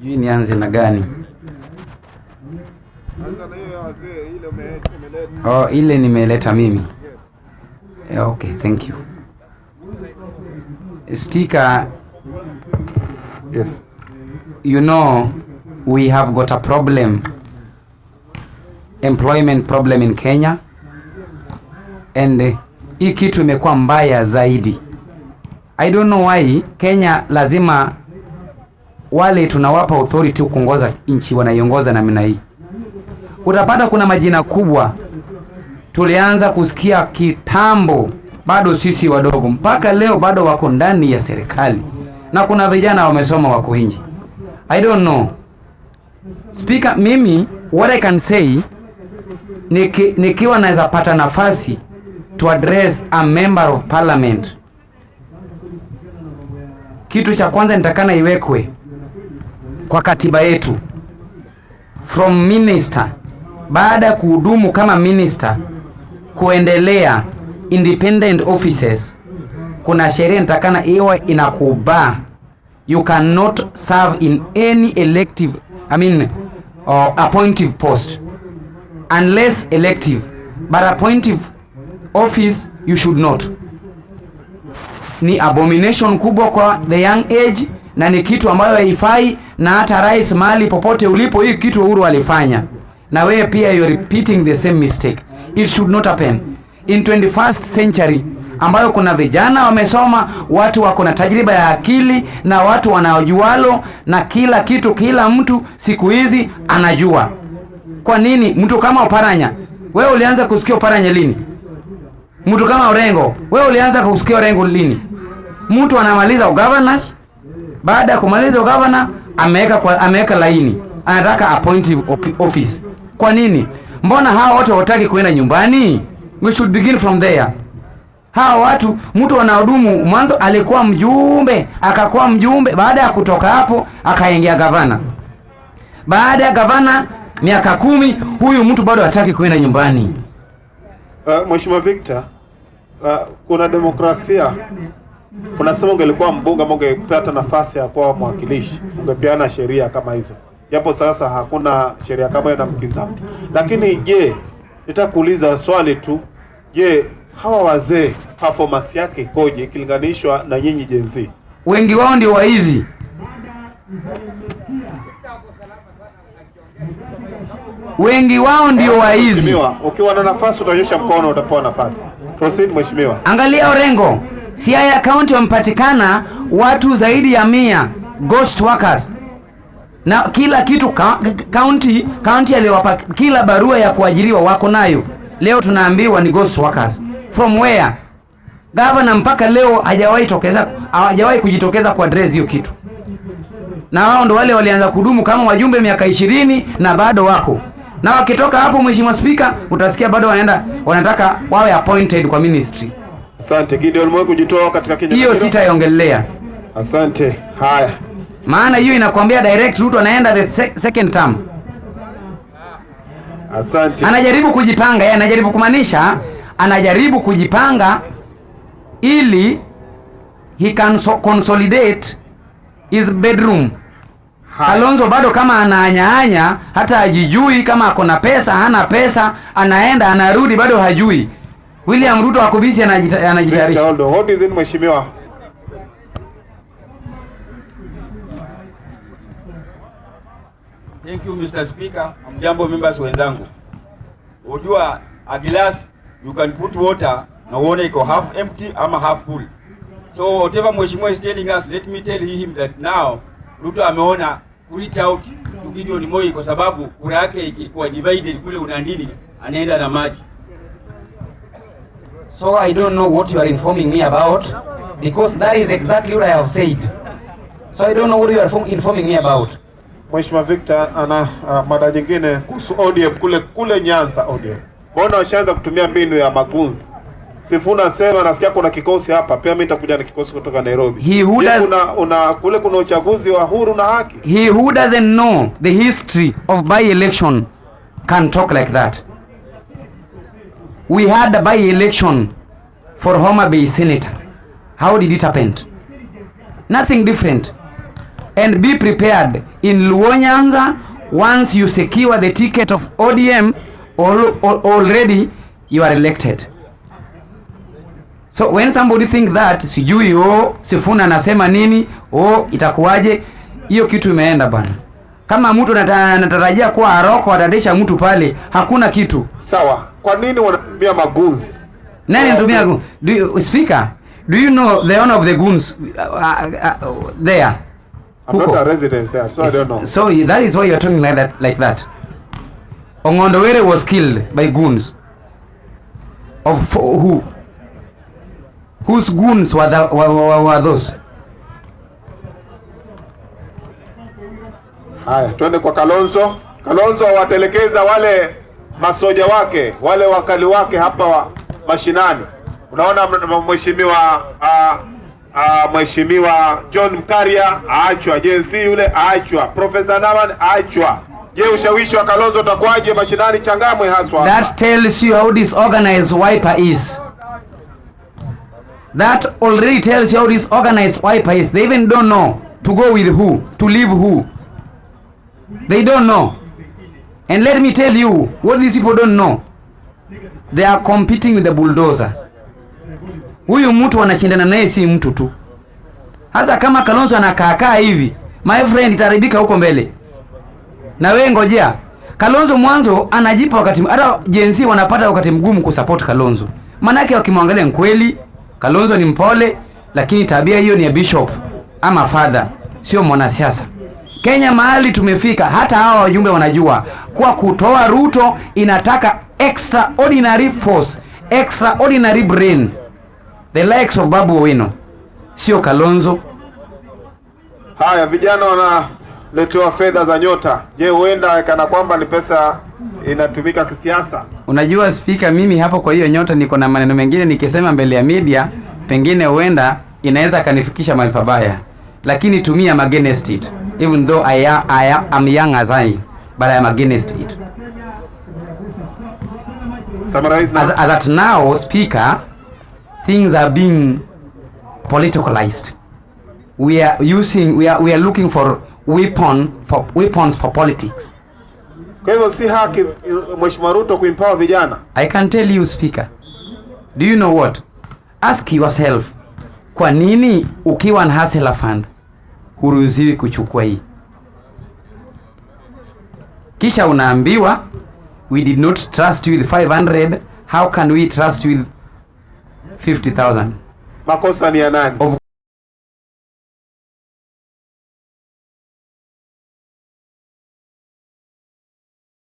sijui nianze na gani? Oh, ile nimeleta mimi. okay, thank you. Speaker, yes. You know we have got a problem, employment problem in Kenya and eh, hii kitu imekuwa mbaya zaidi. I don't know why Kenya lazima wale tunawapa authority kuongoza nchi wanaiongoza namna hii. Utapata kuna majina kubwa tulianza kusikia kitambo, bado sisi wadogo, mpaka leo bado wako ndani ya serikali na kuna vijana wamesoma wako nje. I don't know speaker, mimi what I can say niki, nikiwa naweza pata nafasi to address a member of parliament, kitu cha kwanza nitakana iwekwe kwa katiba yetu from minister baada ya kuhudumu kama minister kuendelea independent offices, kuna sheria nitakana iwe inakuba, you cannot serve in any elective I mean or uh, appointive post unless elective, but appointive office you should not. Ni abomination kubwa kwa the young age na ni kitu ambayo haifai, na hata rais mali popote ulipo, hii kitu Uhuru alifanya na wewe pia you repeating the same mistake. It should not happen in 21st century ambayo kuna vijana wamesoma, watu wako na tajriba ya akili na watu wanaojualo na kila kitu. Kila mtu siku hizi anajua. Kwa nini mtu kama Oparanya, wewe ulianza kusikia Oparanya lini? Mtu kama Orengo, wewe ulianza kusikia Orengo lini? Mtu anamaliza ugavana baada ya kumaliza ugavana, ameweka ameweka laini, anataka appoint office. Kwa nini? Mbona hawa watu hawataki kuenda nyumbani? We should begin from there. Hawa watu mtu wanahudumu, mwanzo alikuwa mjumbe, akakuwa mjumbe, baada ya kutoka hapo akaingia gavana. Baada ya gavana miaka kumi, huyu mtu bado hataki kuenda nyumbani. Uh, Mheshimiwa Victor, uh, kuna demokrasia unasema ungelikuwa mbunge ama ungepata nafasi ya kuwa mwakilishi, ungepeana sheria kama hizo, japo sasa hakuna sheria kama hiyo namkiza mtu. Lakini je, nitakuuliza swali tu, je, hawa wazee performance yake ikoje ikilinganishwa na nyinyi jenzi Wengi wao ndio waizi wengi wao ndio waizi. Ukiwa na nafasi utanyosha mkono, utapewa nafasi. Proceed mheshimiwa. Angalia Orengo. Siaya kaunti wamepatikana watu zaidi ya mia ghost workers na kila kitu county county aliwapa kila barua ya kuajiriwa wako nayo. Leo tunaambiwa ni ghost workers from where? Gavana mpaka leo hajawahi tokeza hajawahi kujitokeza kwa address hiyo kitu, na wao ndo wale walianza kudumu kama wajumbe miaka ishirini na bado wako na wakitoka hapo, Mheshimiwa Spika, utasikia bado wanaenda wanataka wawe appointed kwa ministry. Asante Gideon Moi kujitoa katika kinyang'anyiro. Hiyo sitaiongelea. Asante. Haya. Maana hiyo inakwambia direct Ruto anaenda the second term. Asante. Anajaribu kujipanga, yeye anajaribu kumaanisha, anajaribu kujipanga ili he can so consolidate his bedroom. Hai. Kalonzo bado kama anaanyaanya hata hajijui kama ako na pesa, hana pesa, anaenda anarudi bado hajui. William Ruto busy anajitayarisha. Hold on, mheshimiwa. Thank you Mr. Speaker. Mjambo members wenzangu. Unajua a glass you can put water na uone iko half empty ama half full. So whatever mheshimiwa is telling us, let me tell him that now Ruto ameona reach out to Gideon Moi kwa sababu kura yake ikikuwa divided kule unandini anaenda na maji So I don't know what you are informing me about because that is exactly what I have said. So I don't know what you are informing me about. Mheshimiwa Victor ana uh, mada nyingine kuhusu ODM kule kule Nyanza ODM. Mbona washaanza kutumia mbinu ya magunzi? Sifuna sema nasikia kuna kikosi hapa, pia mimi nitakuja na kikosi kutoka Nairobi. He who does... una, una kule kuna uchaguzi wa huru na haki. He who doesn't know the history of by election can talk like that. We had a by-election for Homa Bay Senator. How did it happen? Nothing different. And be prepared in Luo-Nyanza, once you secure the ticket of ODM, all, all, already you are elected. So when somebody think that sijui oh, Sifuna anasema nini oh, itakuwaje? Hiyo kitu imeenda bana. Kama mtu anatarajia kuwa Aroko atadesha mtu pale, hakuna kitu sawa. Kwa nini wanatumia maguns? Nani anatumia goons? Do you, speaker, do you know the owner of the goons uh, uh, uh, there? I'm Huko. not a resident there, so I don't know. So that is why you are talking like that, like that. Ongondowere was killed by goons. Of who? Whose goons were, the, were, were, were those? Haya, twende kwa Kalonzo. Kalonzo watelekeza wale masoja wake wale wakali wake hapa mashinani. Unaona mheshimiwa mheshimiwa John Mkaria aachwa, jnc yule aachwa, Profesa Naman aachwa. Je, ushawishi wa Kalonzo utakuwaje mashinani Changamwe haswa? That tells you how disorganized Wiper is. That already tells you how disorganized Wiper is. They even don't know to go with who, to leave who. They don't know. And let me tell you, what these people don't know, they are competing with the bulldozer. Huyu mtu anashindana naye si mtu tu. Hasa kama Kalonzo anakaakaa hivi, my friend, itaharibika huko mbele. Na wewe ngojea. Kalonzo mwanzo anajipa wakati, hata jenzi wanapata wakati mgumu kusupport Kalonzo. Manake wakimwangalia kweli, Kalonzo ni mpole, lakini tabia hiyo ni ya bishop ama father, sio mwanasiasa. Kenya mahali tumefika, hata hawa wajumbe wanajua kwa kutoa Ruto inataka extraordinary force, extraordinary brain, the likes of Babu Owino, sio Kalonzo. Haya, vijana wanaletewa fedha za nyota. Je, huenda kana kwamba ni pesa inatumika kisiasa? Unajua spika, mimi hapo kwa hiyo nyota niko na maneno mengine, nikisema mbele ya media pengine huenda inaweza akanifikisha mahali pabaya, lakini tumia magene even though I, I am young as I, but I am against it. Summarize now. As, as at now, Speaker, things are being politicalized. We are using, we are, we are looking for weapon for weapons for politics. Kwa hivyo si haki Mheshimiwa Ruto kuimpawa vijana. I can tell you Speaker. Do you know what? Ask yourself. Kwa nini ukiwa na Hustler Fund huruhusiwi kuchukua hii. Kisha unaambiwa we did not trust you with 500 how can we trust you with 50000? Makosa ni ya nani?